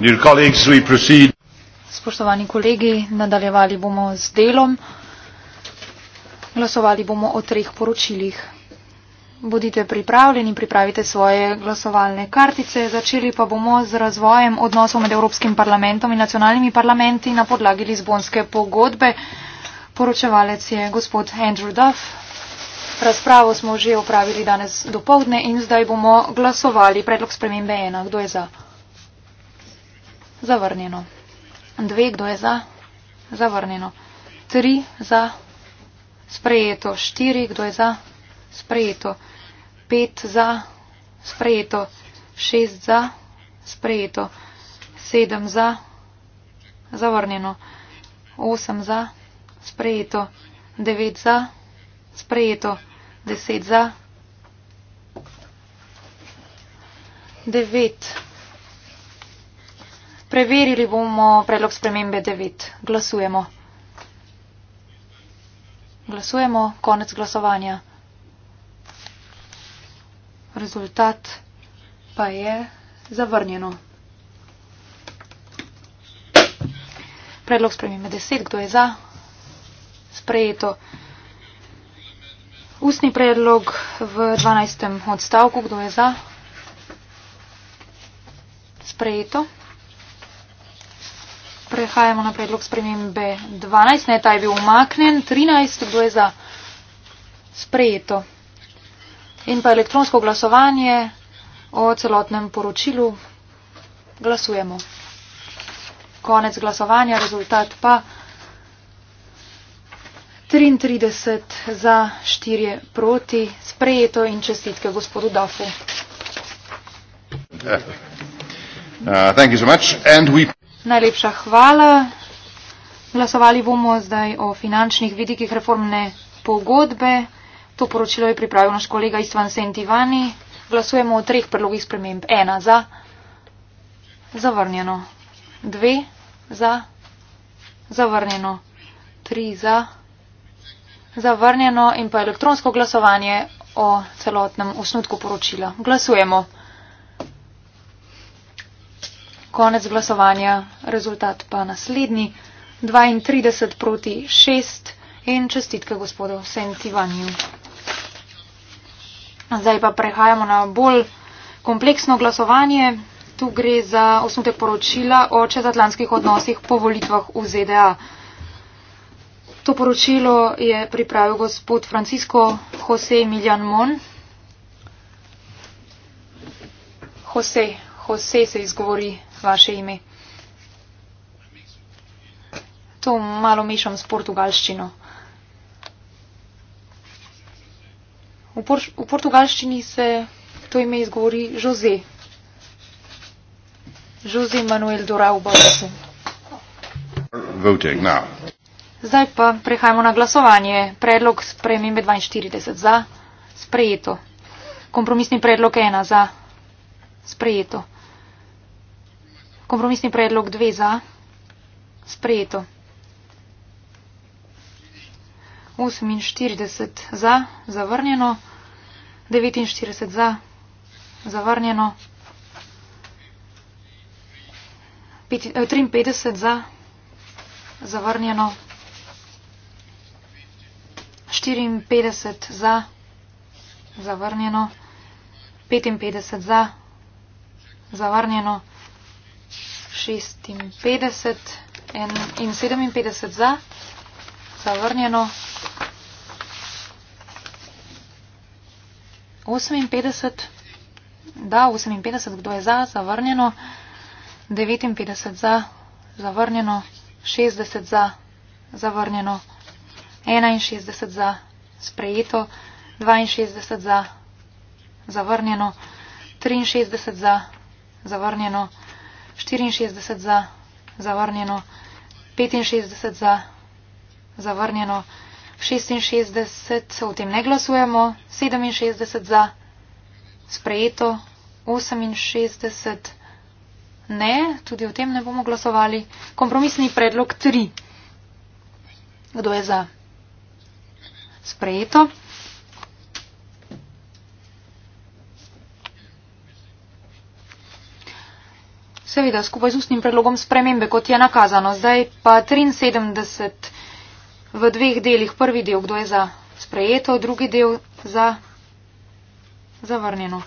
Dear colleagues, we proceed. Spoštovani kolegi, nadaljevali bomo z delom. Glasovali bomo o treh poročilih. Bodite pripravljeni, pripravite svoje glasovalne kartice. Začeli pa bomo z razvojem odnosov med Evropskim parlamentom in nacionalnimi parlamenti na podlagi Lizbonske pogodbe. Poročevalec je gospod Andrew Duff. Razpravo smo že opravili danes dopovdne in zdaj bomo glasovali predlog spremembe ena. Kdo je za? Zavrnjeno. Dve, kdo je za? Zavrnjeno. Tri, za? Sprejeto. Štiri, kdo je za? Sprejeto. Pet, za? Sprejeto. Šest, za? Sprejeto. Sedem, za? Zavrnjeno. Osem, za? Sprejeto. Devet, za? Sprejeto. Deset, za? Devet. Preverili bomo predlog spremembe 9. Glasujemo. Glasujemo. Konec glasovanja. Rezultat pa je zavrnjeno. Predlog spremembe 10. Kdo je za? Sprejeto. Ustni predlog v 12. odstavku. Kdo je za? Sprejeto. Prehajamo na predlog spremembe 12. Ne, ta je bil umaknen. 13. Kdo je za sprejeto? In pa elektronsko glasovanje o celotnem poročilu. Glasujemo. Konec glasovanja, rezultat pa 33 za 4 proti sprejeto in čestitke gospodu Dafu. Uh, uh, Najlepša hvala. Glasovali bomo zdaj o finančnih vidikih reformne pogodbe. To poročilo je pripravil naš kolega Istvan Sentivani. Glasujemo o treh predlogih sprememb. Ena za. Zavrnjeno. Dve za. Zavrnjeno. Tri za. Zavrnjeno. In pa elektronsko glasovanje o celotnem osnutku poročila. Glasujemo konec glasovanja, rezultat pa naslednji, 32 proti 6 in čestitke gospodu Sentivanju. Zdaj pa prehajamo na bolj kompleksno glasovanje. Tu gre za osnutek poročila o čezatlantskih odnosih po volitvah v ZDA. To poročilo je pripravil gospod Francisco Jose Miljan Mon. Jose, Jose se izgovori vaše ime. To malo mešam s portugalščino. V, por v portugalščini se to ime izgovori Jose. Jose Manuel Dorau Barosen. Zdaj pa prehajamo na glasovanje. Predlog spremembe 42 za sprejeto. Kompromisni predlog 1 za sprejeto. Kompromisni predlog 2 za. Sprejeto. 48 za, zavrnjeno. 49 za, zavrnjeno. 53 eh, za, zavrnjeno. 54 za, zavrnjeno. 55 za, zavrnjeno. 56 en, in 57 za, zavrnjeno. 58, da, 58, kdo je za, zavrnjeno. 59 za, zavrnjeno. 60 za, zavrnjeno. 61 za, sprejeto. 62 za, zavrnjeno. 63 za, zavrnjeno. 64 za zavrnjeno, 65 za zavrnjeno, 66, o tem ne glasujemo, 67 za sprejeto, 68 ne, tudi o tem ne bomo glasovali. Kompromisni predlog 3. Kdo je za? Sprejeto. Seveda, skupaj z ustnim predlogom spremembe, kot je nakazano. Zdaj pa 73 v dveh delih. Prvi del, kdo je za sprejeto, drugi del za zavrnjeno.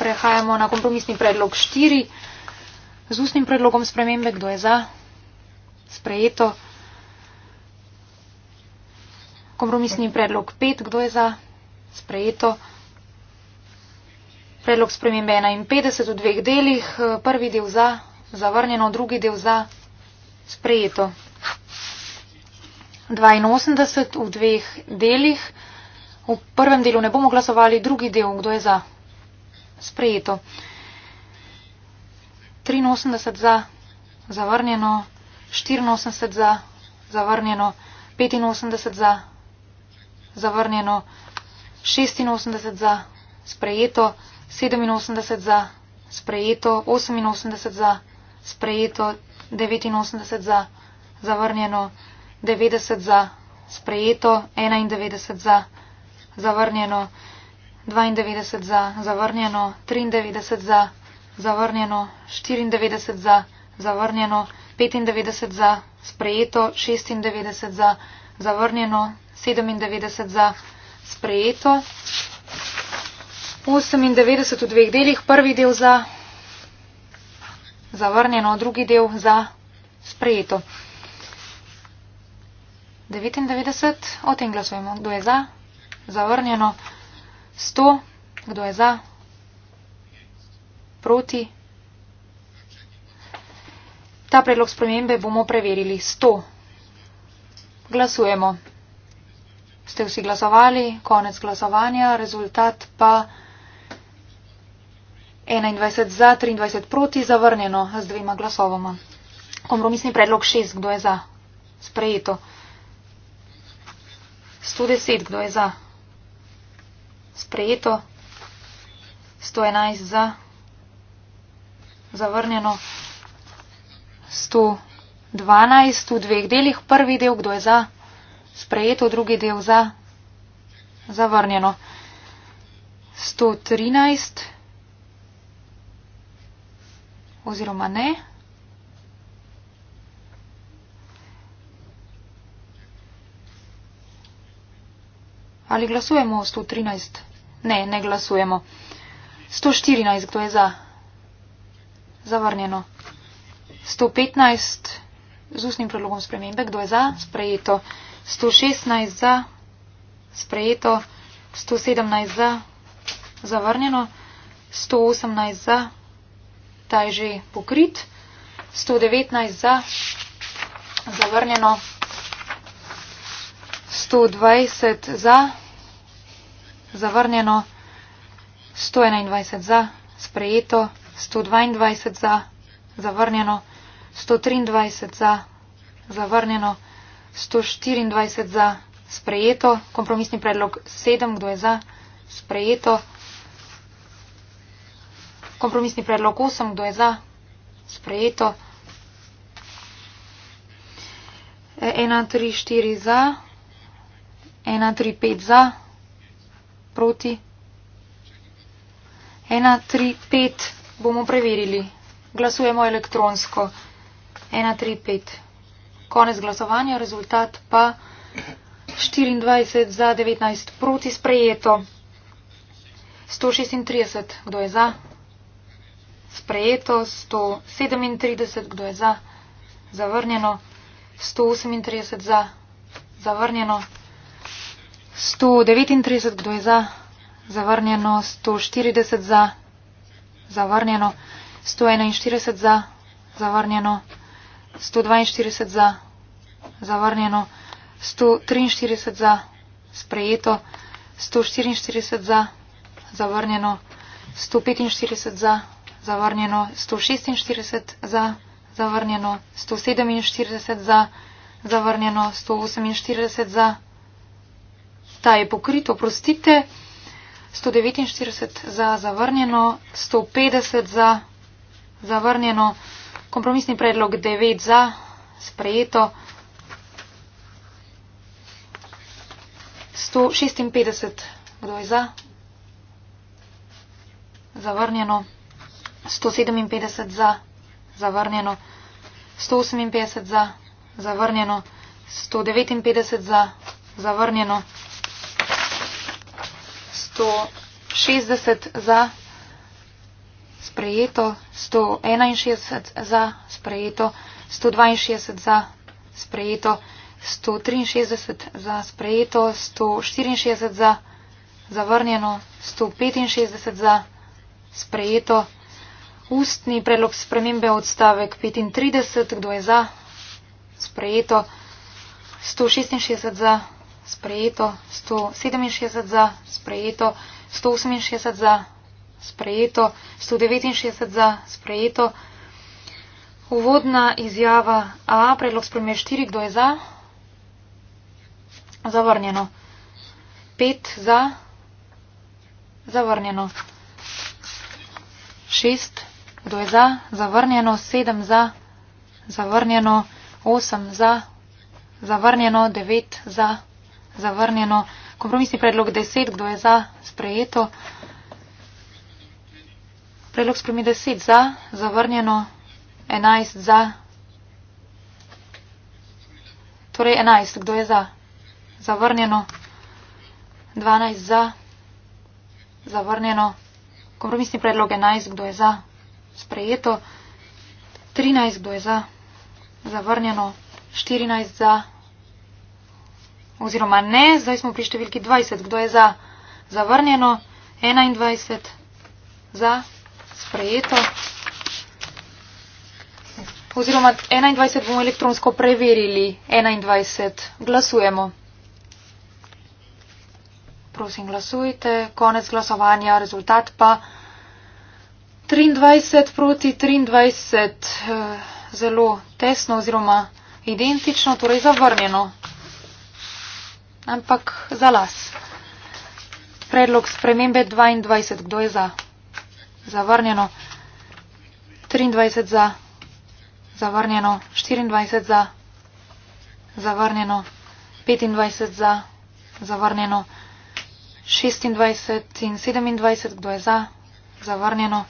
Prehajamo na kompromisni predlog 4. Z ustnim predlogom spremembe, kdo je za sprejeto. Kompromisni predlog 5, kdo je za sprejeto. Predlog spremembe 51 v dveh delih. Prvi del za, zavrnjeno, drugi del za, sprejeto. 82 v dveh delih. V prvem delu ne bomo glasovali, drugi del, kdo je za, sprejeto. 83 za, zavrnjeno. 84 za, zavrnjeno. 85 za, zavrnjeno. 86 za, sprejeto. 87 za, sprejeto 88 za, sprejeto 89 za, zavrnjeno 90 za, sprejeto 91 za, zavrnjeno 92 za, zavrnjeno 93 za, zavrnjeno 94 za, zavrnjeno 95 za, sprejeto 96 za, zavrnjeno 97 za, sprejeto 98 v dveh delih. Prvi del za zavrnjeno, drugi del za sprejeto. 99, o tem glasujemo. Kdo je za? Zavrnjeno. 100, kdo je za? Proti. Ta predlog spremembe bomo preverili. 100. Glasujemo. Ste vsi glasovali, konec glasovanja, rezultat pa. 21 za, 23 proti, zavrnjeno z dvema glasovoma. Kompromisni predlog 6, kdo je za? Sprejeto. 110, kdo je za? Sprejeto. 111 za. Zavrnjeno. 112 v dveh delih. Prvi del, kdo je za? Sprejeto. Drugi del za. Zavrnjeno. 113 oziroma ne. Ali glasujemo o 113? Ne, ne glasujemo. 114, kdo je za? Zavrnjeno. 115 z ustnim predlogom spremembe, kdo je za? Sprejeto. 116 za? Sprejeto. 117 za? Zavrnjeno. 118 za? ta je že pokrit. 119 za, zavrnjeno. 120 za, zavrnjeno. 121 za, sprejeto. 122 za, zavrnjeno. 123 za, zavrnjeno. 124 za, sprejeto. Kompromisni predlog 7, kdo je za, sprejeto. Kompromisni predlog 8, kdo je za? Sprejeto. 1, 3, 4 za. 1, 3, 5 za. Proti. 1, 3, 5 bomo preverili. Glasujemo elektronsko. 1, 3, 5. Konec glasovanja, rezultat pa 24 za 19 proti sprejeto. 136, kdo je za? sprejeto 137, kdo je za, zavrnjeno 138 za, zavrnjeno 139, kdo je za, zavrnjeno 140 za, zavrnjeno 141 za, zavrnjeno 142 za, zavrnjeno 143 za, sprejeto 144 za, zavrnjeno 145 za, zavrnjeno 146 za, zavrnjeno 147 za, zavrnjeno 148 za, ta je pokrito, prostite, 149 za, zavrnjeno 150 za, zavrnjeno, kompromisni predlog 9 za, sprejeto. 156, kdo je za? Zavrnjeno. 157 za, zavrnjeno. 158 za, zavrnjeno. 159 za, zavrnjeno. 160 za, sprejeto. 161 za, sprejeto. 162 za, sprejeto. 163 za, sprejeto. 164 za, zavrnjeno. 165 za, sprejeto ustni predlog spremembe odstavek 35. Kdo je za? Sprejeto. 166 za. Sprejeto. 167 za. Sprejeto. 168 za. Sprejeto. 169 za. Sprejeto. Uvodna izjava A. Predlog spremembe 4. Kdo je za? Zavrnjeno. 5 za. Zavrnjeno. 6. Kdo je za? Zavrnjeno. Sedem za. Zavrnjeno. Osem za. Zavrnjeno. Devet za. Zavrnjeno. Kompromisni predlog deset. Kdo je za? Sprejeto. Predlog spremi deset za. Zavrnjeno. Enajst za. Torej enajst. Kdo je za? Zavrnjeno. Dvanajst za. Zavrnjeno. Kompromisni predlog enajst. Kdo je za? sprejeto, 13 bo je za, zavrnjeno, 14 za, oziroma ne, zdaj smo pri številki 20, kdo je za, zavrnjeno, 21 za, sprejeto, oziroma 21 bomo elektronsko preverili, 21 glasujemo. Prosim, glasujte, konec glasovanja, rezultat pa. 23 proti 23 eh, zelo tesno oziroma identično, torej zavrnjeno. Ampak za las. Predlog spremembe 22. Kdo je za? Zavrnjeno. 23 za. Zavrnjeno. 24 za. Zavrnjeno. 25 za. Zavrnjeno. 26 in 27. Kdo je za? Zavrnjeno.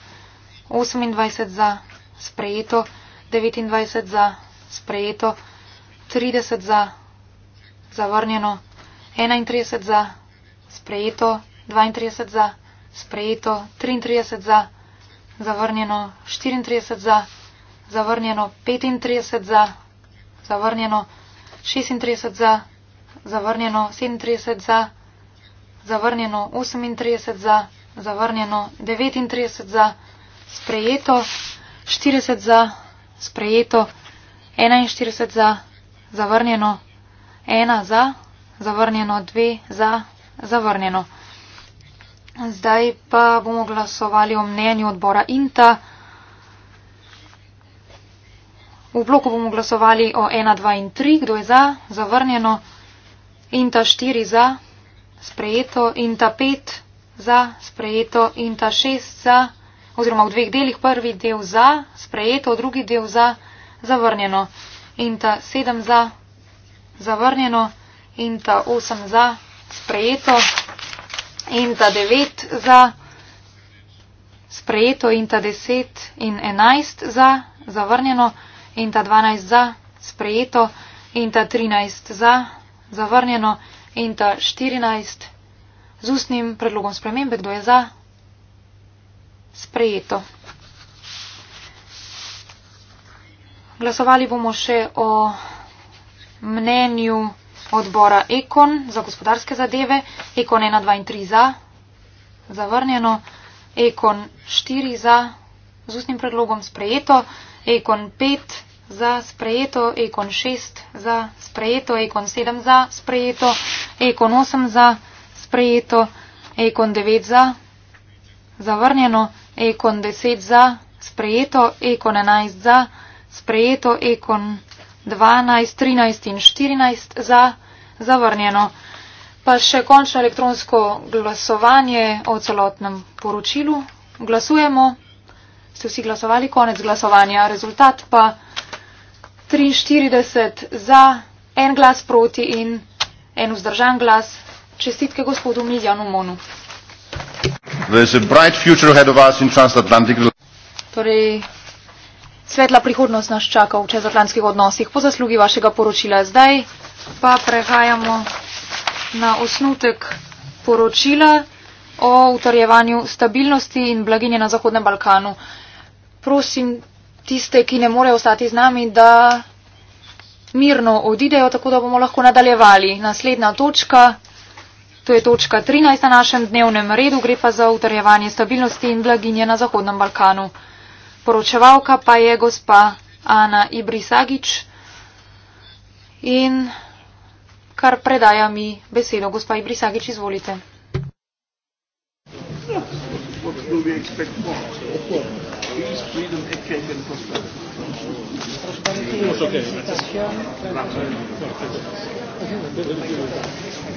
28 za, sprejeto, 29 za, sprejeto, 30 za, zavrnjeno, 31 za, sprejeto, 32 za, sprejeto, 33 za, zavrnjeno, 34 za, zavrnjeno, 35 za, zavrnjeno, 36 za, zavrnjeno, 37 za, zavrnjeno, 38 za, zavrnjeno, 39 za, zavrnjeno, sprejeto, 40 za sprejeto, 41 za zavrnjeno, 1 za zavrnjeno, 2 za zavrnjeno. Zdaj pa bomo glasovali o mnenju odbora INTA. V bloku bomo glasovali o 1, 2 in 3, kdo je za, zavrnjeno, INTA 4 za, sprejeto, INTA 5 za, sprejeto, INTA 6 za, oziroma v dveh delih, prvi del za, sprejeto, drugi del za, zavrnjeno. In ta sedem za, zavrnjeno, in ta osem za, sprejeto, in ta devet za, sprejeto, in ta deset in enajst za, zavrnjeno, in ta dvanajst za, sprejeto, in ta trinajst za, zavrnjeno, in ta štirinajst z ustnim predlogom spremembe, kdo je za sprejeto. Glasovali bomo še o mnenju odbora Ekon za gospodarske zadeve. Ekon 1, 2 in 3 za, zavrnjeno. Ekon 4 za, z ustnim predlogom sprejeto. Ekon 5 za sprejeto, Ekon 6 za sprejeto, Ekon 7 za sprejeto, Ekon 8 za sprejeto, Ekon 9 za zavrnjeno. Ekon 10 za, sprejeto, Ekon 11 za, sprejeto, Ekon 12, 13 in 14 za, zavrnjeno. Pa še končno elektronsko glasovanje o celotnem poročilu. Glasujemo, ste vsi glasovali, konec glasovanja. Rezultat pa 43 za, en glas proti in en vzdržan glas. Čestitke gospodu Miljanu Monu. Torej, svetla prihodnost nas čaka v čezatlantskih odnosih po zaslugi vašega poročila. Zdaj pa prehajamo na osnutek poročila o utrjevanju stabilnosti in blaginje na Zahodnem Balkanu. Prosim tiste, ki ne morejo ostati z nami, da mirno odidejo, tako da bomo lahko nadaljevali. Naslednja točka. To je točka 13 na našem dnevnem redu, gre pa za utrjevanje stabilnosti in blaginje na Zahodnem Balkanu. Poročevalka pa je gospa Ana Ibrisagič in kar predaja mi besedo. Gospa Ibrisagič, izvolite. Okay.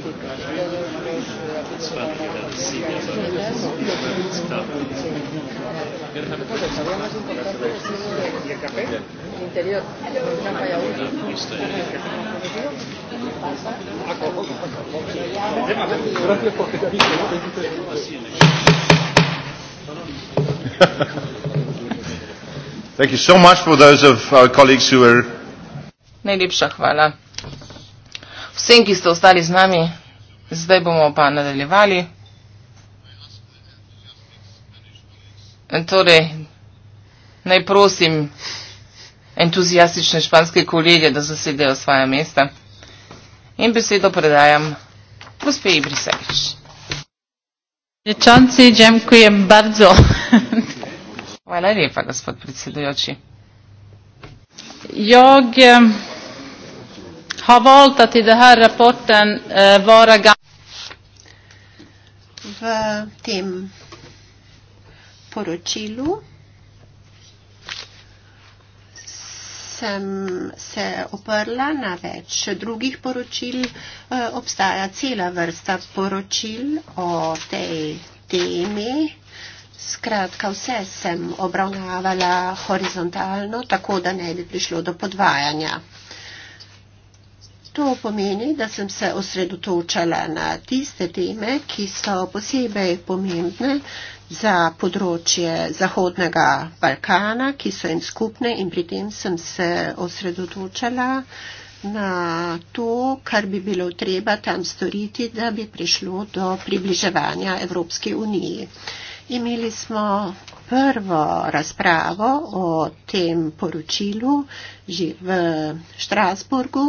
interior Thank you so much for those of our colleagues who were Najlepša hvala vsem, ki ste ostali z nami, zdaj bomo pa nadaljevali. Torej, naj prosim entuzijastične španske kolege, da zasedejo svoje mesta. In besedo predajam gospe Ibri Sevič. Rečanci, džemkujem bardzo. Hvala lepa, gospod predsedujoči. Jog, eh, har valt att i den här rapporten eh, vara ganska... V tem poročilu sem se oprla na več drugih poročil. Eh, obstaja cela vrsta poročil o tej temi. Skratka, vse sem obravnavala horizontalno, tako da ne bi prišlo do podvajanja. To pomeni, da sem se osredotočala na tiste teme, ki so posebej pomembne za področje Zahodnega Balkana, ki so in skupne in pri tem sem se osredotočala na to, kar bi bilo treba tam storiti, da bi prišlo do približevanja Evropske unije. Imeli smo prvo razpravo o tem poročilu že v Štrasburgu.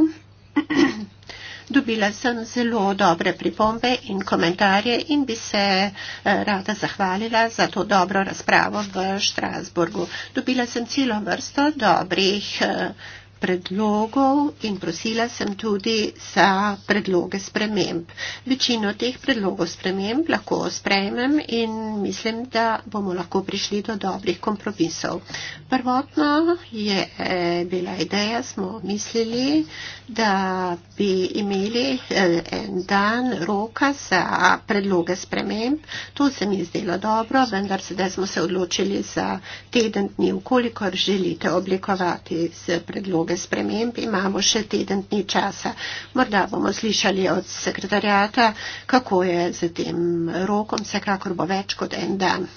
Dobila sem zelo dobre pripombe in komentarje in bi se eh, rada zahvalila za to dobro razpravo v Štrasburgu. Dobila sem celo vrsto dobrih eh, predlogov in prosila sem tudi za predloge sprememb. Večino teh predlogov sprememb lahko sprejmem in mislim, da bomo lahko prišli do dobrih kompromisov. Prvotno je eh, bila ideja, smo mislili, da bi imeli eh, en dan roka za predloge sprememb. To se mi je zdelo dobro, vendar sedaj smo se odločili za teden dni, ukolikor želite oblikovati predloge potrebe sprememb, imamo še teden dni časa. Morda bomo slišali od sekretarjata, kako je z tem rokom, vsekakor bo več kot en dan.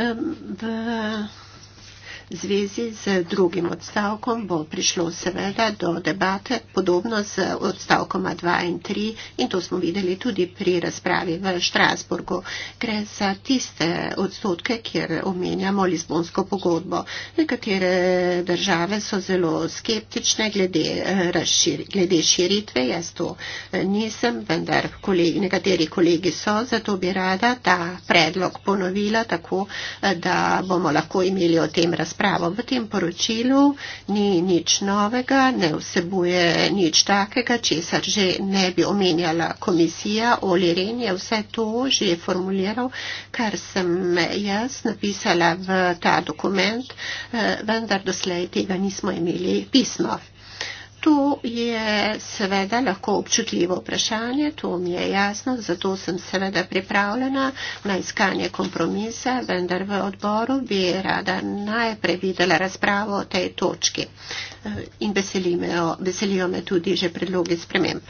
Um, v zvezi z drugim odstavkom bo prišlo seveda do debate, podobno z odstavkoma 2 in 3 in to smo videli tudi pri razpravi v Štrasburgu. Gre za tiste odstotke, kjer omenjamo Lizbonsko pogodbo. Nekatere države so zelo skeptične glede, eh, razšir, glede širitve, jaz to eh, nisem, vendar kolegi, nekateri kolegi so, zato bi rada ta predlog ponovila tako, eh, da bomo lahko imeli o tem razpravo razpravo. V tem poročilu ni nič novega, ne vsebuje nič takega, česar že ne bi omenjala komisija. Oli Ren je vse to že formuliral, kar sem jaz napisala v ta dokument, eh, vendar doslej tega nismo imeli pismo. To je seveda lahko občutljivo vprašanje, to mi je jasno, zato sem seveda pripravljena na iskanje kompromisa, vendar v odboru bi rada najprej videla razpravo o tej točki e, in veselijo me tudi že predlogi sprememb.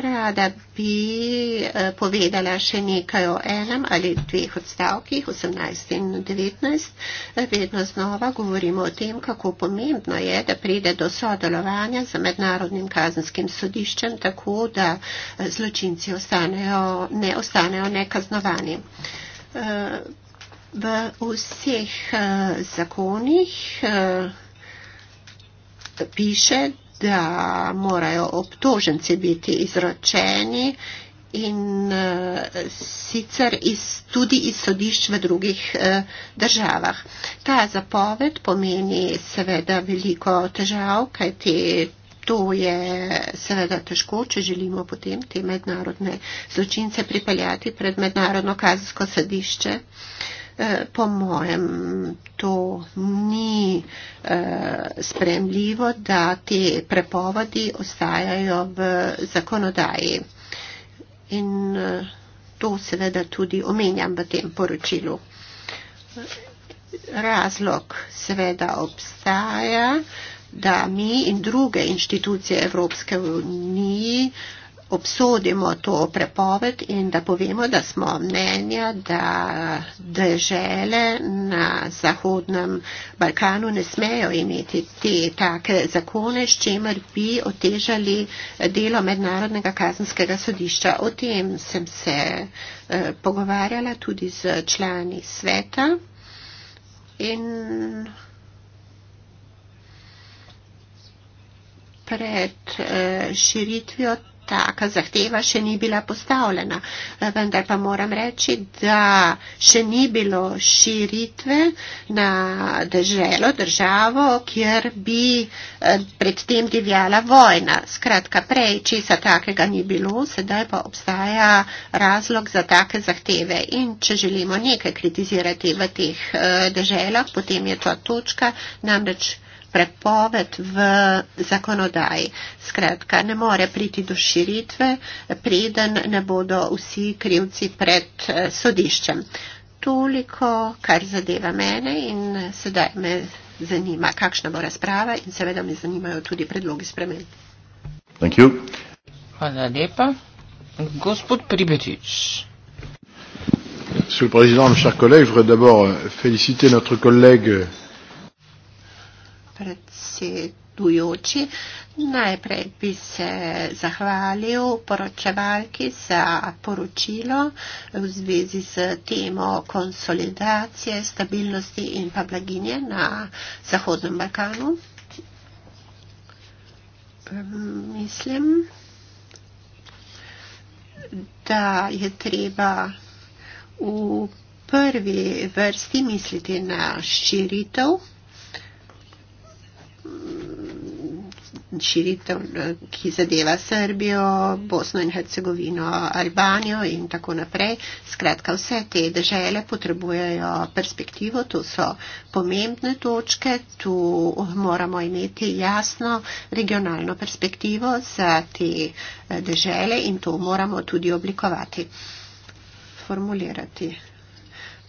Rada bi eh, povedala še nekaj o enem ali dveh odstavkih, 18 in 19. Eh, vedno znova govorimo o tem, kako pomembno je, da pride do sodelovanja z mednarodnim kazenskim sodiščem, tako da eh, zločinci ostanejo, ne ostanejo nekaznovani. V vseh zakonih piše, da morajo obtoženci biti izročeni in uh, sicer iz, tudi iz sodišč v drugih uh, državah. Ta zapoved pomeni seveda veliko težav, kajti to je seveda težko, če želimo potem te mednarodne zločince pripeljati pred mednarodno kazensko sodišče. Uh, Eh, po mojem to ni eh, spremljivo, da te prepovedi ostajajo v zakonodaji. In eh, to seveda tudi omenjam v tem poročilu. Razlog seveda obstaja, da mi in druge inštitucije Evropske unije obsodimo to prepoved in da povemo, da smo mnenja, da države na Zahodnem Balkanu ne smejo imeti te take zakone, s čemer bi otežali delo Mednarodnega kazenskega sodišča. O tem sem se eh, pogovarjala tudi z člani sveta in pred eh, širitvijo taka zahteva še ni bila postavljena, eh, vendar pa moram reči, da še ni bilo širitve na deželo, državo, kjer bi eh, predtem divjala vojna. Skratka, prej česa takega ni bilo, sedaj pa obstaja razlog za take zahteve. In če želimo nekaj kritizirati v teh eh, deželah, potem je to točka, namreč prepoved v zakonodaji. Skratka, ne more priti do širitve, preden ne bodo vsi krivci pred eh, sodiščem. Toliko, kar zadeva mene in sedaj me zanima, kakšna bo razprava in seveda me zanimajo tudi predlogi sprememb. Hvala lepa. Gospod Pribetič. Monsieur le Président, mes chers collègues, je voudrais d'abord féliciter notre collègue predsedujoči. Najprej bi se zahvalil poročevalki za poročilo v zvezi s temo konsolidacije, stabilnosti in pa blaginje na Zahodnem Balkanu. Mislim, da je treba v prvi vrsti misliti na širitev širitev, ki zadeva Srbijo, Bosno in Hercegovino, Albanijo in tako naprej. Skratka, vse te države potrebujejo perspektivo, tu so pomembne točke, tu moramo imeti jasno regionalno perspektivo za te eh, države in to moramo tudi oblikovati, formulirati.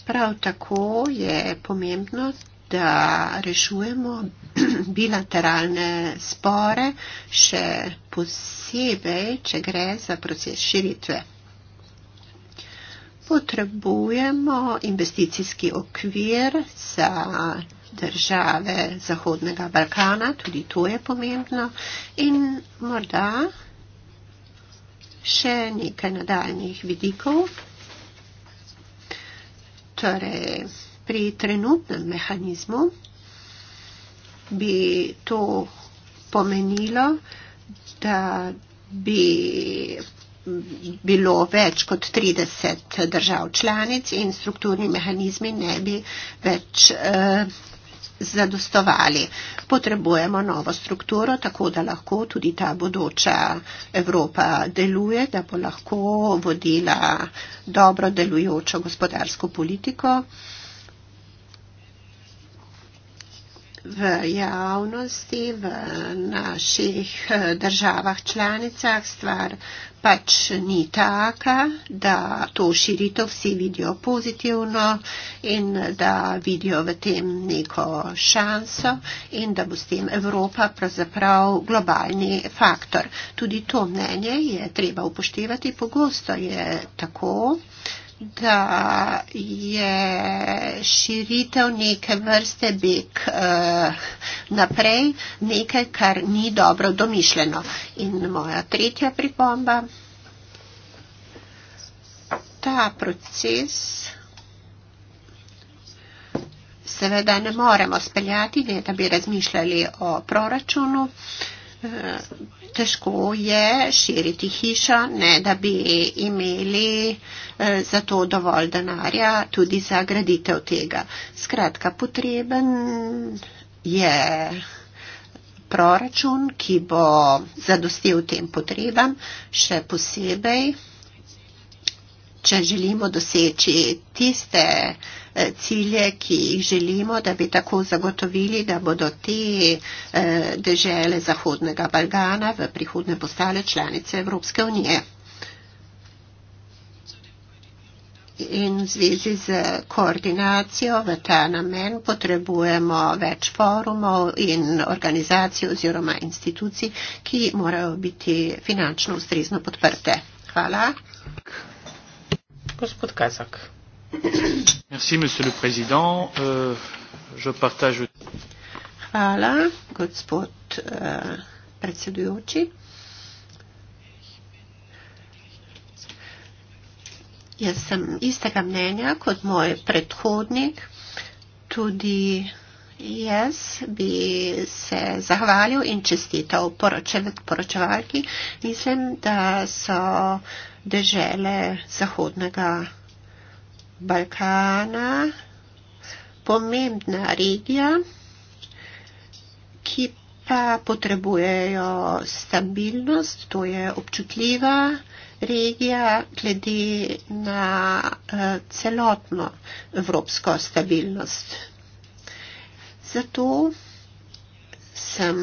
Prav tako je pomembno, da rešujemo bilateralne spore, še posebej, če gre za proces širitve. Potrebujemo investicijski okvir za države Zahodnega Balkana, tudi to je pomembno, in morda še nekaj nadaljnih vidikov. Torej, pri trenutnem mehanizmu bi to pomenilo, da bi bilo več kot 30 držav članic in strukturni mehanizmi ne bi več eh, zadostovali. Potrebujemo novo strukturo, tako da lahko tudi ta bodoča Evropa deluje, da bo lahko vodila dobro delujočo gospodarsko politiko. v javnosti, v naših eh, državah članicah stvar pač ni taka, da to širito vsi vidijo pozitivno in da vidijo v tem neko šanso in da bo s tem Evropa pravzaprav globalni faktor. Tudi to mnenje je treba upoštevati, pogosto je tako da je širitev neke vrste beg uh, naprej nekaj, kar ni dobro domišljeno. In moja tretja pripomba. Ta proces seveda ne moremo speljati, ne da bi razmišljali o proračunu. Uh, težko je širiti hišo, ne da bi imeli eh, za to dovolj denarja, tudi za graditev tega. Skratka, potreben je proračun, ki bo zadostil tem potrebam, še posebej, če želimo doseči tiste, Eh, cilje, ki jih želimo, da bi tako zagotovili, da bodo te eh, dežele Zahodnega Balkana v prihodne postale članice Evropske unije. In v zvezi z koordinacijo v ta namen potrebujemo več forumov in organizacij oziroma institucij, ki morajo biti finančno ustrezno podprte. Hvala. Gospod Kazak monsieur le président euh, je partage Hvala, gospod uh, predsedujoči. Jaz sem istega mnenja kot moj predhodnik. Tudi jaz bi se zahvalil in čestital poročevalki. Mislim, da so držele Zahodnega Balkana pomembna regija, ki pa potrebujejo stabilnost, to je občutljiva regija glede na eh, celotno evropsko stabilnost. Zato sem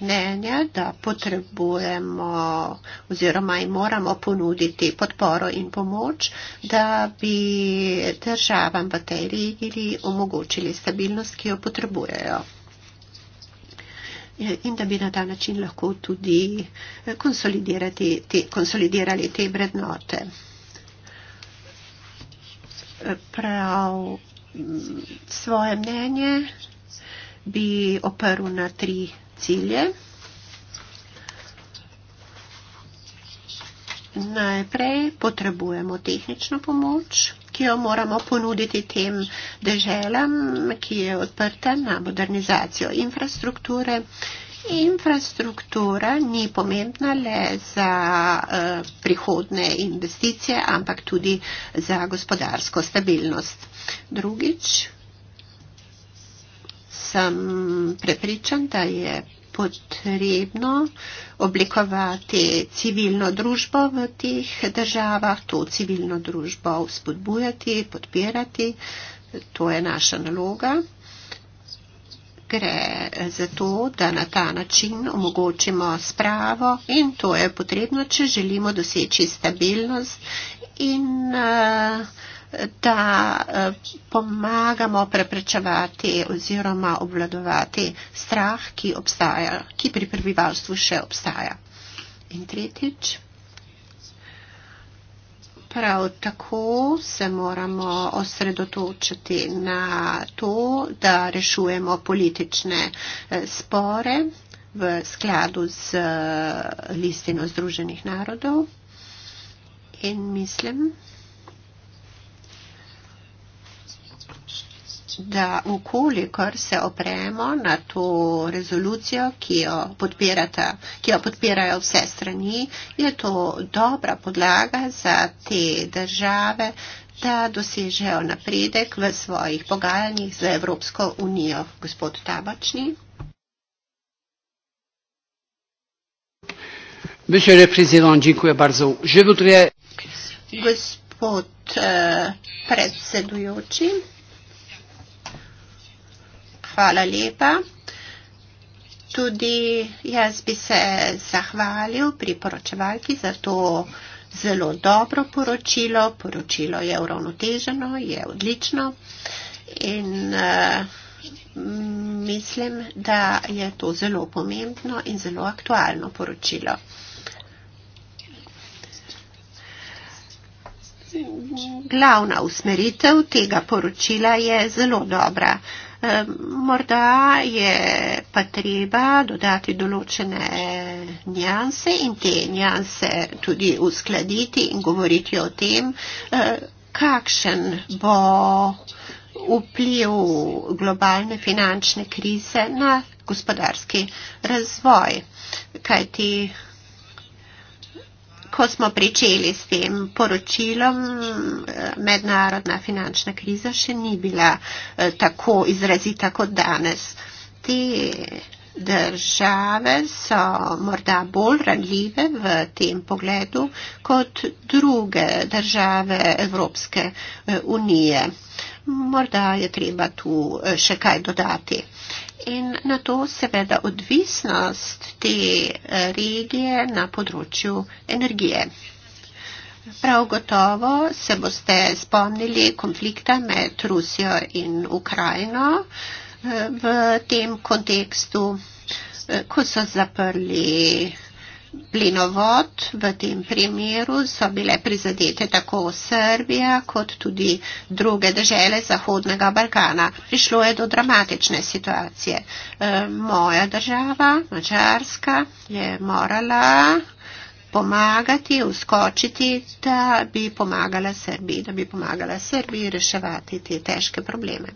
mnenja, da potrebujemo oziroma jim moramo ponuditi podporo in pomoč, da bi državam v tej regiji omogočili stabilnost, ki jo potrebujejo in da bi na ta način lahko tudi te, konsolidirali te vrednote. Prav svoje mnenje bi oprl na tri cilje. Najprej potrebujemo tehnično pomoč, ki jo moramo ponuditi tem deželam, ki je odprta na modernizacijo infrastrukture. Infrastruktura ni pomembna le za eh, prihodne investicije, ampak tudi za gospodarsko stabilnost. Drugič, sem prepričan, da je potrebno oblikovati civilno družbo v teh državah, to civilno družbo spodbujati, podpirati. To je naša naloga. Gre za to, da na ta način omogočimo spravo in to je potrebno, če želimo doseči stabilnost in uh, da eh, pomagamo preprečevati oziroma obvladovati strah, ki, obstaja, ki pri prebivalstvu še obstaja. In tretjič, prav tako se moramo osredotočiti na to, da rešujemo politične eh, spore v skladu z eh, listino Združenih narodov. In mislim, da ukolikor se opremo na to rezolucijo, ki jo, ki jo podpirajo vse strani, je to dobra podlaga za te države, da dosežejo napredek v svojih pogajanjih z Evropsko unijo. Gospod Tabačni. Gospod eh, predsedujoči. Hvala lepa. Tudi jaz bi se zahvalil priporočevalki za to zelo dobro poročilo. Poročilo je uravnoteženo, je odlično in eh, mislim, da je to zelo pomembno in zelo aktualno poročilo. Glavna usmeritev tega poročila je zelo dobra morda je pa treba dodati določene njanse in te njanse tudi uskladiti in govoriti o tem, eh, kakšen bo vpliv globalne finančne krize na gospodarski razvoj. Kaj ti ko smo pričeli s tem poročilom, eh, mednarodna finančna kriza še ni bila eh, tako izrazita kot danes. Te države so morda bolj ranljive v tem pogledu kot druge države Evropske eh, unije. Morda je treba tu še kaj dodati in na to seveda odvisnost te eh, regije na področju energije. Prav gotovo se boste spomnili konflikta med Rusijo in Ukrajino eh, v tem kontekstu, eh, ko so zaprli plinovod v tem primeru so bile prizadete tako Srbija kot tudi druge države Zahodnega Balkana. Prišlo je do dramatične situacije. E, moja država, Mačarska, je morala pomagati, uskočiti, da bi pomagala Srbiji, da bi pomagala Srbiji reševati te težke probleme.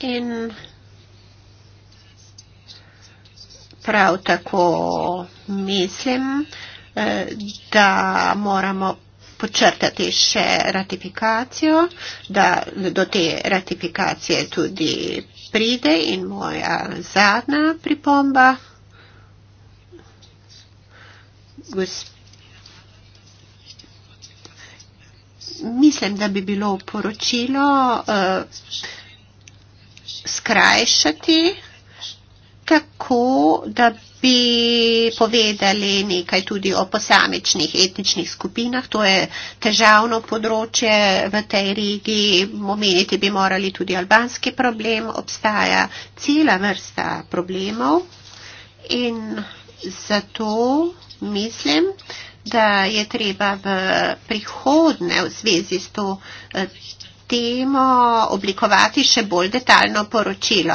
In Prav tako mislim, eh, da moramo počrtati še ratifikacijo, da do te ratifikacije tudi pride in moja zadnja pripomba. Mislim, da bi bilo v poročilo uh, skrajšati tako, da bi povedali nekaj tudi o posamičnih etničnih skupinah. To je težavno področje v tej regiji. Omeniti bi morali tudi albanski problem. Obstaja cela vrsta problemov in zato mislim, da je treba v prihodne v zvezi s to eh, temo oblikovati še bolj detaljno poročilo.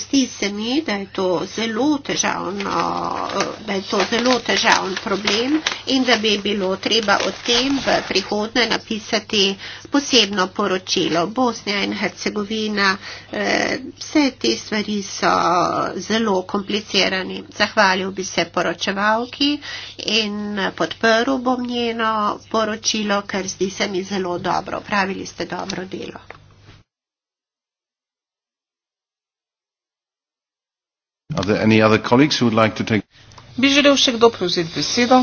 Zdi se mi, da je to zelo težavno, da je to zelo težavn problem in da bi bilo treba o tem v prihodne napisati posebno poročilo. Bosnija in Hercegovina, eh, vse te stvari so zelo komplicirane. Zahvalil bi se poročevalki in podprl bom njeno poročilo, ker zdi se mi zelo dobro. Pravili ste dobro belo. Like take... Bi želel še kdo prevzeti besedo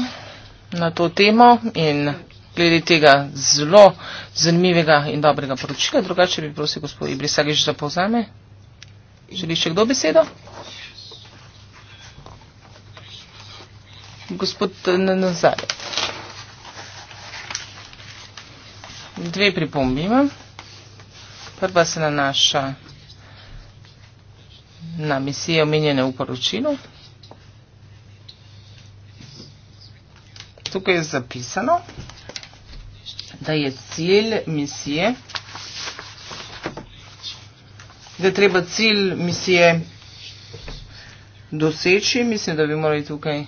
na to temo in glede tega zelo zanimivega in dobrega poročila? Drugače bi prosil gospod Ibrisagiš za povzame. Želi še kdo besedo? Gospod Nazare. Dve pripombe imam. Prva se nanaša na misije omenjene v poročilu. Tukaj je zapisano, da je cilj misije, da je treba cilj misije doseči. Mislim, da bi morali tukaj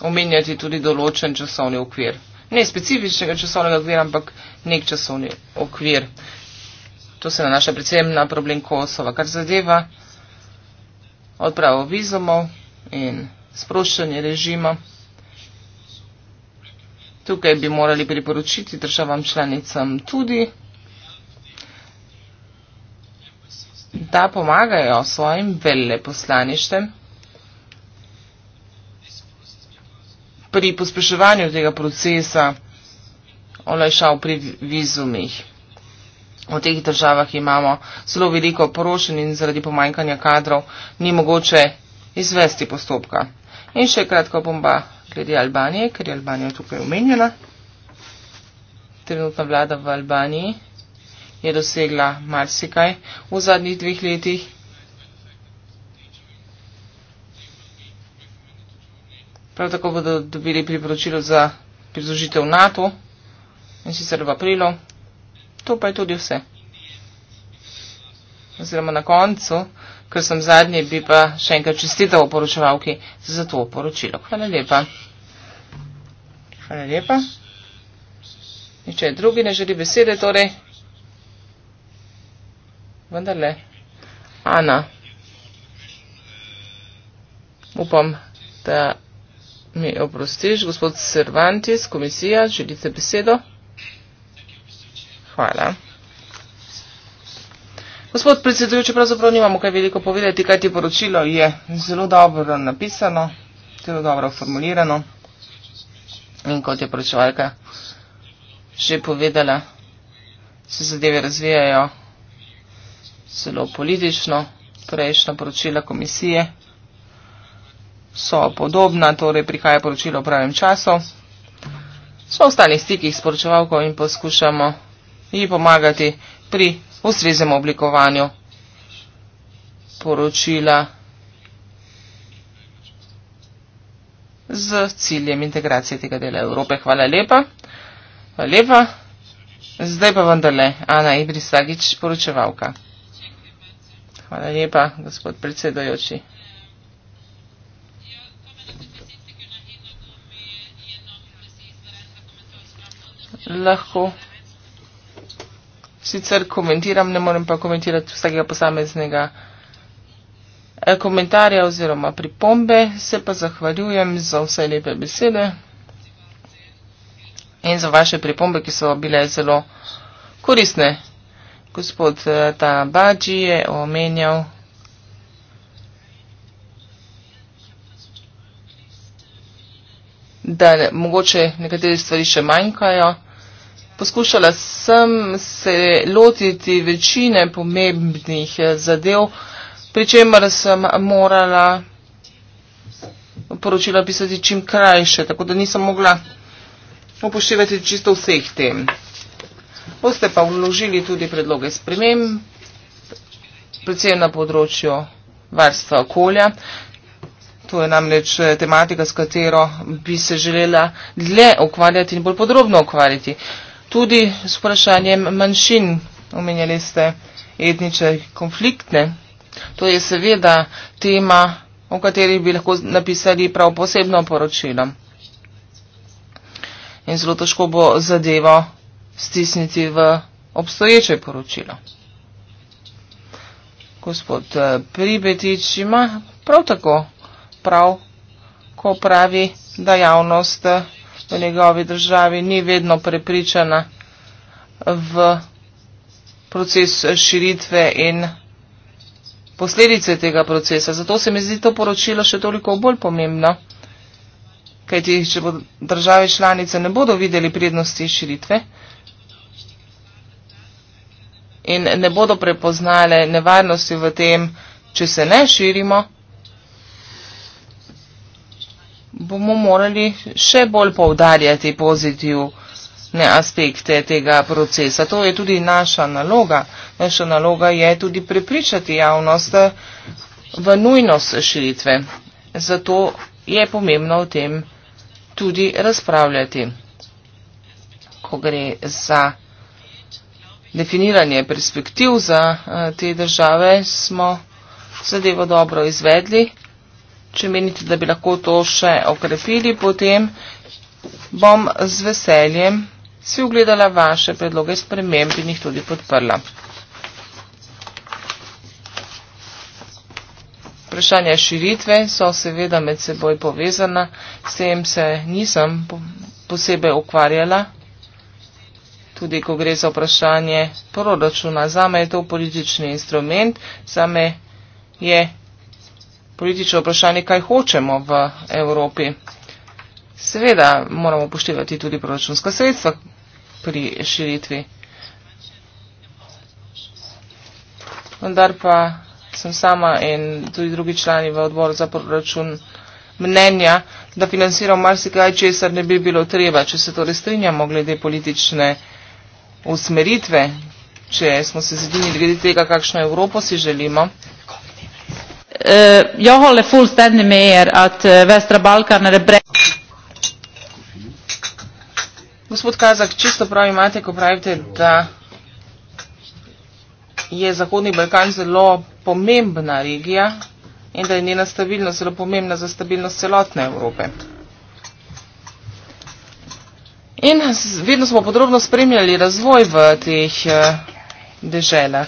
omenjati tudi določen časovni okvir. Ne specifičnega časovnega okvira, ampak nek časovni okvir. To se nanaša predvsem na problem Kosova, kar zadeva odpravo vizumov in sproščanje režima. Tukaj bi morali priporočiti državam članicam tudi, da pomagajo svojim veleposlaništem pri pospeševanju tega procesa olajšav pri vizumih. V teh državah imamo zelo veliko porošen in zaradi pomanjkanja kadrov ni mogoče izvesti postopka. In še kratko bomba glede Albanije, ker je Albanija tukaj omenjena. Trenutna vlada v Albaniji je dosegla marsikaj v zadnjih dveh letih. Prav tako bodo dobili priporočilo za prizložitev NATO in sicer v aprilu. To pa je tudi vse. Oziroma na koncu, ker sem zadnji, bi pa še enkrat čestitev oporočevalki za to poročilo. Hvala lepa. Hvala lepa. Niče drugi ne želi besede, torej. Vendarle. Ana. Upam, da mi oprostiš, gospod Cervantes, komisija, želite besedo? Hvala. Gospod predsedujoči, pravzaprav nimamo kaj veliko povedati, kaj ti poročilo je zelo dobro napisano, zelo dobro formulirano in kot je poročevalka že povedala, se zadeve razvijajo zelo politično, prejšnja poročila komisije so podobna, torej prihaja poročilo v pravem času. So ostali stiki s poročevalko in poskušamo ji pomagati pri ustreznem oblikovanju poročila z ciljem integracije tega dela Evrope. Hvala lepa. Hvala lepa. Zdaj pa vendarle, Ana Ibrisagič, poročevalka. Hvala lepa, gospod predsedojoči. Lahko sicer komentiram, ne morem pa komentirati vsakega posameznega eh, komentarja oziroma pripombe. Se pa zahvaljujem za vse lepe besede in za vaše pripombe, ki so bile zelo koristne. Gospod eh, Tabadži je omenjal. da ne, mogoče nekatere stvari še manjkajo. Poskušala sem se lotiti večine pomembnih eh, zadev, pri čemer sem morala poročila pisati čim krajše, tako da nisem mogla upoštevati čisto vseh tem. Boste pa vložili tudi predloge sprememb, predvsem na področju varstva okolja. To je namreč eh, tematika, s katero bi se želela dlje okvarjati in bolj podrobno okvarjati tudi s vprašanjem manjšin, omenjali ste etnične konfliktne. To je seveda tema, o kateri bi lahko napisali prav posebno poročilo. In zelo težko bo zadevo stisniti v obstoječe poročilo. Gospod eh, Pribetič ima prav tako prav, ko pravi, da javnost eh, v njegovi državi ni vedno prepričana v proces širitve in posledice tega procesa. Zato se mi zdi to poročilo še toliko bolj pomembno, kajti če bo države članice ne bodo videli prednosti širitve in ne bodo prepoznale nevarnosti v tem, če se ne širimo, bomo morali še bolj povdarjati pozitivne aspekte tega procesa. To je tudi naša naloga. Naša naloga je tudi prepričati javnost eh, v nujnost širitve. Zato je pomembno o tem tudi razpravljati, ko gre za definiranje perspektiv za eh, te države, smo zadevo dobro izvedli. Če menite, da bi lahko to še okrepili, potem bom z veseljem si ugledala vaše predloge sprememb in jih tudi podprla. Vprašanja širitve so seveda med seboj povezana, s tem se nisem posebej ukvarjala. Tudi, ko gre za vprašanje proračuna, zame je to politični instrument, zame je politično vprašanje, kaj hočemo v Evropi. Seveda moramo upoštevati tudi proračunska sredstva pri širitvi. Vendar pa sem sama in tudi drugi člani v odboru za proračun mnenja, da financiramo marsikaj, česar ne bi bilo treba, če se torej strinjamo glede politične usmeritve, če smo se zedinili glede tega, kakšno Evropo si želimo eh, jag håller fullständigt med er att eh, västra Balkan är bred. Gospod Kazak, čisto prav imate, ko pravite, da je Zahodni Balkan zelo pomembna regija in da je njena stabilnost zelo pomembna za stabilnost celotne Evrope. In vedno smo podrobno spremljali razvoj v teh eh, deželah.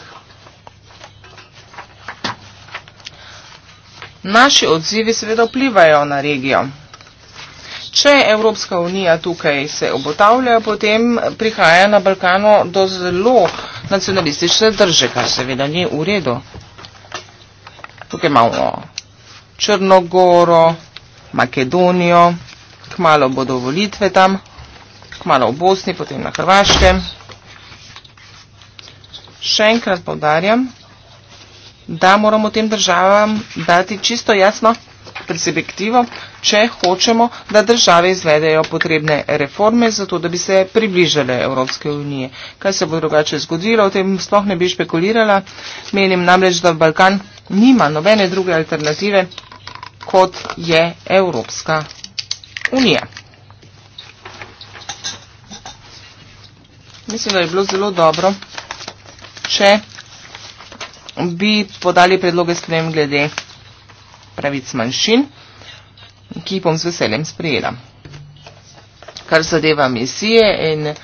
Naši odzivi seveda vplivajo na regijo. Če Evropska unija tukaj se obotavlja, potem prihaja na Balkano do zelo nacionalistične drže, kar seveda ni v redu. Tukaj imamo Črnogoro, Makedonijo, kmalo bodo volitve tam, kmalo v Bosni, potem na Hrvaškem. Še enkrat povdarjam, da moramo tem državam dati čisto jasno perspektivo, če hočemo, da države izvedejo potrebne reforme, zato da bi se približale Evropske unije. Kaj se bo drugače zgodilo, o tem sploh ne bi špekulirala. Menim namreč, da Balkan nima nobene druge alternative, kot je Evropska unija. Mislim, da je bilo zelo dobro, če bi podali predloge sprem glede pravic manjšin, ki jih bom z veseljem sprejela. Kar zadeva misije in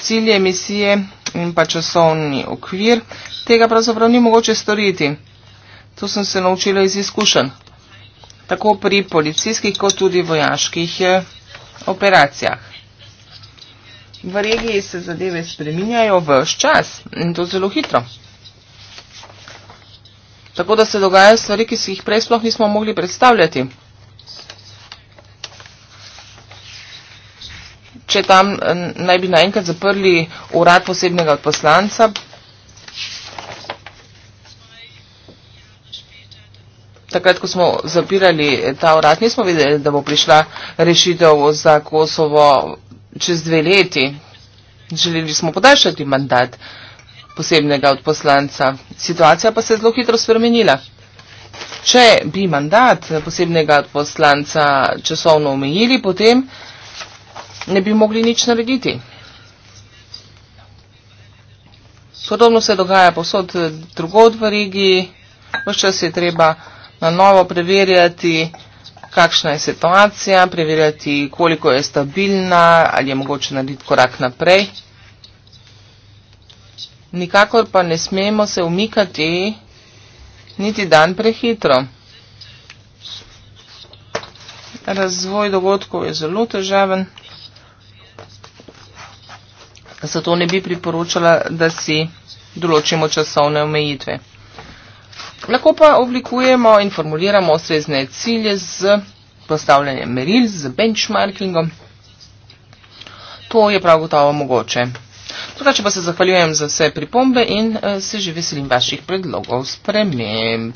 cilje misije in pa časovni okvir, tega pravzaprav ni mogoče storiti. To sem se naučila iz izkušenj, tako pri policijskih, kot tudi vojaških eh, operacijah. V regiji se zadeve spreminjajo v čas in to zelo hitro. Tako da se dogajajo stvari, ki si jih prej sploh nismo mogli predstavljati. Če tam eh, naj bi naenkrat zaprli urad posebnega poslanca, takrat, ko smo zapirali eh, ta urad, nismo videli, da bo prišla rešitev za Kosovo čez dve leti. Želeli smo podaljšati mandat. Uh, posebnega odposlanca. Situacija pa se je zelo hitro spremenila. Če bi mandat posebnega odposlanca časovno omejili, potem ne bi mogli nič narediti. Podobno se dogaja posod drugod v regiji, včas je treba na novo preverjati, kakšna je situacija, preverjati, koliko je stabilna, ali je mogoče narediti korak naprej nikakor pa ne smemo se umikati niti dan prehitro. Razvoj dogodkov je zelo težaven, zato ne bi priporočala, da si določimo časovne omejitve. Lahko pa oblikujemo in formuliramo ustrezne cilje z postavljanjem meril, z benchmarkingom. To je prav gotovo mogoče. Drugače pa se zahvaljujem za vse pripombe in uh, se že veselim vaših predlogov sprememb.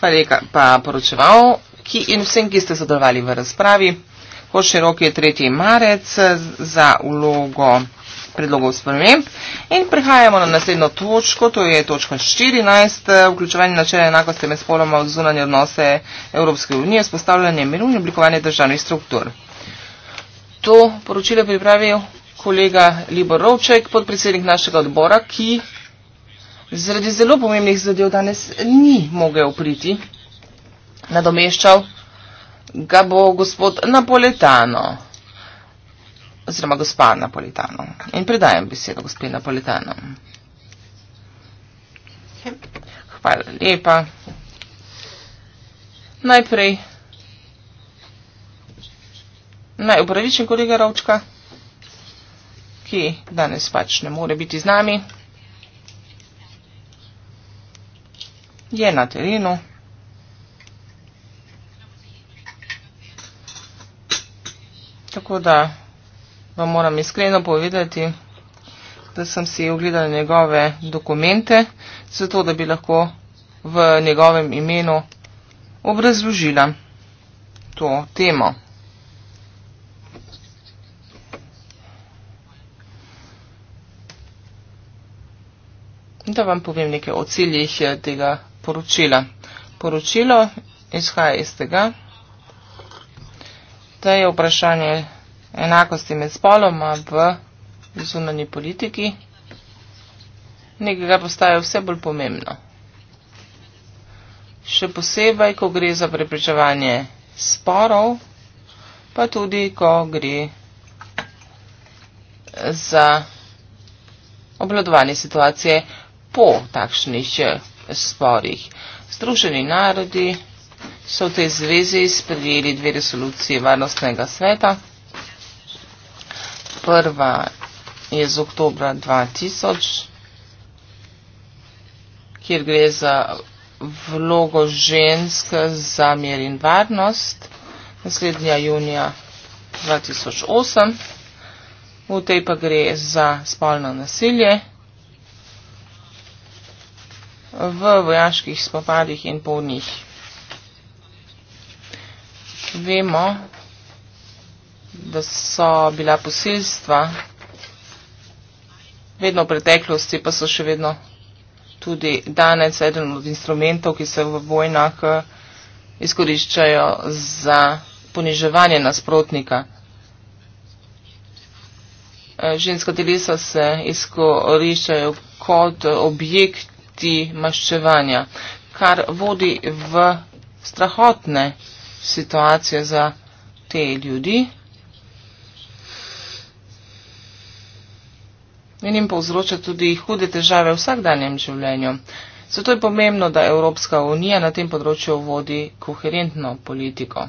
Hvala lepa pa poročeval, ki in vsem, ki ste sodelovali v razpravi. Po široki je 3. marec eh, za ulogo predlogov sprememb. In prehajamo na naslednjo točko, to je točka 14, eh, vključevanje načela enakosti med spoloma v zunanje odnose Evropske unije, spostavljanje miru in oblikovanje državnih struktur. To poročilo je pripravil kolega Libor Rovček, podpredsednik našega odbora, ki zaradi zelo pomembnih zadev danes ni mogel priti. Nadomeščal ga bo gospod Napoletano, oziroma gospa Napoletano. In predajam besedo gospod Napoletano. Hvala lepa. Najprej Naj upravičim kolega Ravčka, ki danes pač ne more biti z nami. Je na terenu. Tako da vam moram iskreno povedati, da sem si ogledala njegove dokumente, zato da bi lahko v njegovem imenu obrazložila to temo. da vam povem nekaj o ciljih eh, tega poročila. Poročilo izhaja iz tega, da je vprašanje enakosti med spoloma v zunanji politiki nekega postaje vse bolj pomembno. Še posebej, ko gre za preprečevanje sporov, pa tudi, ko gre za obladovanje situacije po takšnih eh, sporih. Združeni narodi so v tej zvezi sprejeli dve resolucije Varnostnega sveta. Prva je z oktobra 2000, kjer gre za vlogo žensk za mir in varnost. Naslednja junija 2008, v tej pa gre za spolno nasilje v vojaških spopadih in po njih. Vemo, da so bila posilstva vedno v preteklosti, pa so še vedno tudi danes eden od instrumentov, ki se v vojnah eh, izkoriščajo za poniževanje nasprotnika. Eh, ženska telesa se izkoriščajo kot objekt akti maščevanja, kar vodi v strahotne situacije za te ljudi in jim povzroča tudi hude težave v vsakdanjem življenju. Zato je pomembno, da Evropska unija na tem področju vodi koherentno politiko.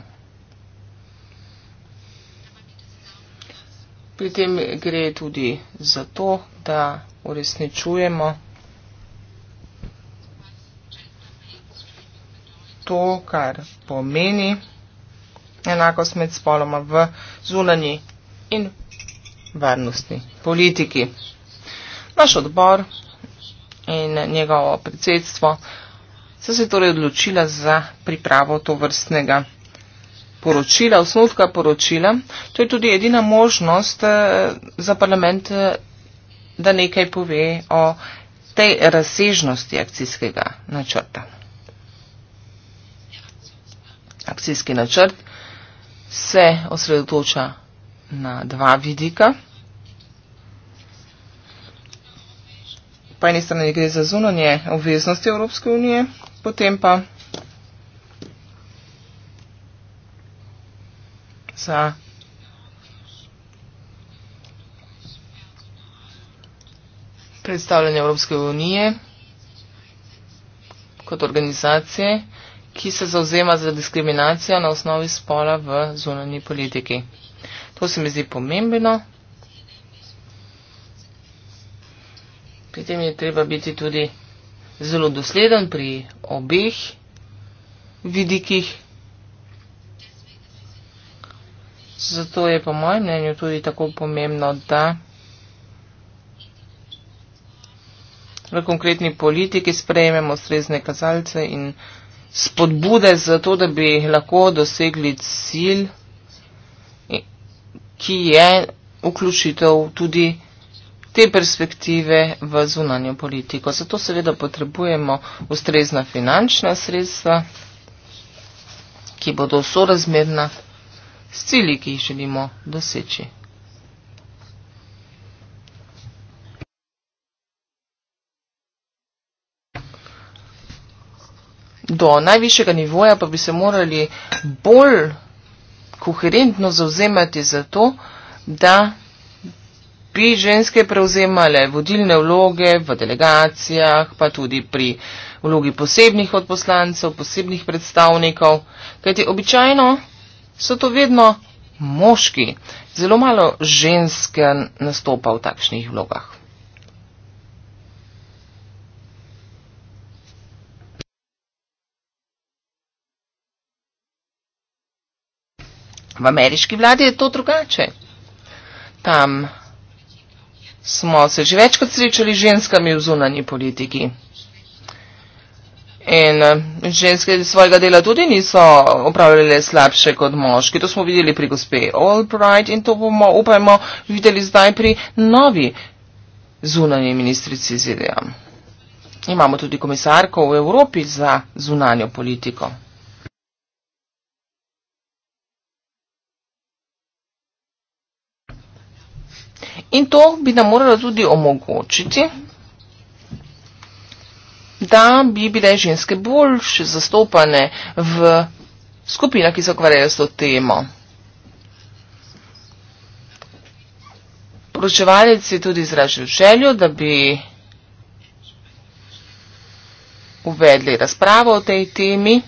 Pri tem gre tudi za to, da uresničujemo to, kar pomeni enakost med spoloma v zunanji in varnostni politiki. Naš odbor in njegovo predsedstvo so se torej odločila za pripravo to vrstnega poročila, osnovka poročila. To je tudi edina možnost eh, za parlament, eh, da nekaj pove o tej razsežnosti akcijskega načrta akcijski načrt se osredotoča na dva vidika. Po eni strani gre za zunanje obveznosti Evropske unije, potem pa za predstavljanje Evropske unije kot organizacije, ki se zauzema za diskriminacijo na osnovi spola v zunanji politiki. To se mi zdi pomembno. Pri tem je treba biti tudi zelo dosleden pri obeh vidikih. Zato je po mojem mnenju tudi tako pomembno, da v konkretni politiki sprejmemo strezne kazalce in vsega, spodbude za to, da bi lahko dosegli cilj, ki je vključitev tudi te perspektive v zunanjo politiko. Zato seveda potrebujemo ustrezna finančna sredstva, ki bodo sorazmerna s cilji, ki jih želimo doseči. do najvišjega nivoja pa bi se morali bolj koherentno zauzemati za to, da bi ženske prevzemale vodilne vloge v delegacijah, pa tudi pri vlogi posebnih odposlancev, posebnih predstavnikov, kajti običajno so to vedno moški. Zelo malo ženske nastopa v takšnih vlogah. V ameriški vladi je to drugače. Tam smo se že večkrat srečali z ženskami v zunanji politiki. In eh, ženske svojega dela tudi niso opravljale slabše kot moški. To smo videli pri gospe Albright in to bomo, upajmo, videli zdaj pri novi zunanji ministrici ZDA. Imamo tudi komisarko v Evropi za zunanjo politiko. In to bi nam morala tudi omogočiti, da bi bile ženske bolj zastopane v skupinah, ki se ukvarjajo s to temo. Poročevalec je tudi izražil željo, da bi uvedli razpravo o tej temi.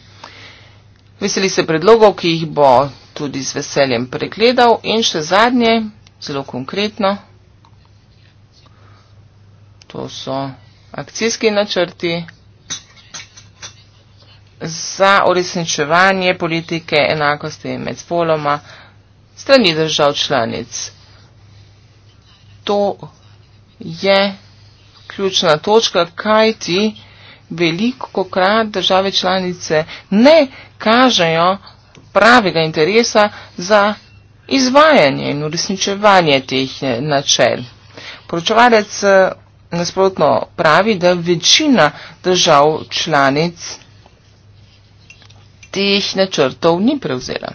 Veseli se predlogov, ki jih bo tudi z veseljem pregledal. In še zadnje, zelo konkretno. To so akcijski načrti za uresničevanje politike enakosti med spoloma strani držav članic. To je ključna točka, kaj ti veliko krat države članice ne kažejo pravega interesa za izvajanje in uresničevanje teh eh, načel. Poročevalec eh, nasprotno pravi, da večina držav članic teh načrtov ni prevzela.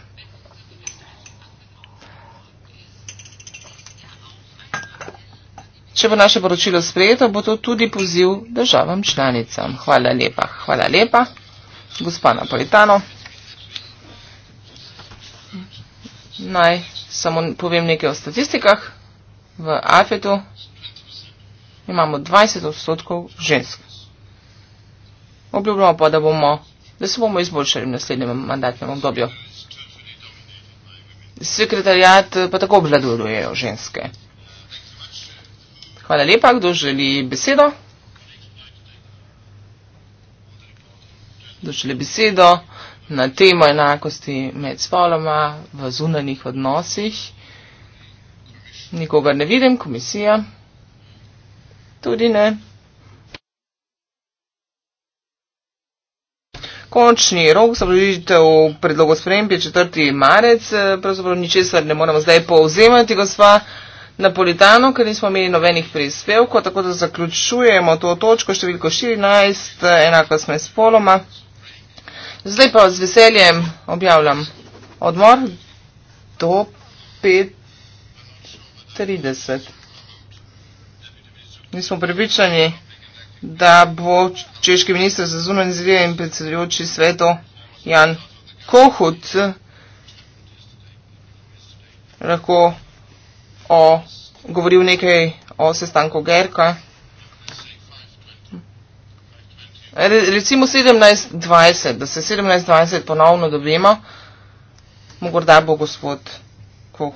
Če bo naše poročilo sprejeto, bo to tudi poziv državam članicam. Hvala lepa. Hvala lepa, gospa Napolitano. naj samo povem nekaj o statistikah. V Alfetu imamo 20 odstotkov žensk. Obljubljamo pa, da, bomo, da se bomo izboljšali v naslednjem mandatnem obdobju. Sekretarijat eh, pa tako obvladujejo ženske. Hvala lepa, kdo želi besedo? Kdo želi besedo? na temo enakosti med spoloma v zunanih odnosih. Nikogar ne vidim, komisija tudi ne. Končni rok za vložitev predlogov sprememb je 4. marec, eh, pravzaprav ničesar ne moremo zdaj povzemati, gospa Napolitano, ker nismo imeli novenih prispevkov, tako da zaključujemo to točko številko 14, enako sme spoloma. Zdaj pa z veseljem objavljam odmor do 5.30. Nismo prepričani, da bo češki minister za zunanje zadeve in predsedujoči sveto Jan Kohut lahko o, govoril nekaj o sestanku Gerka recimo 17.20, da se 17.20 ponovno dobimo, mogoče bo gospod Kohu.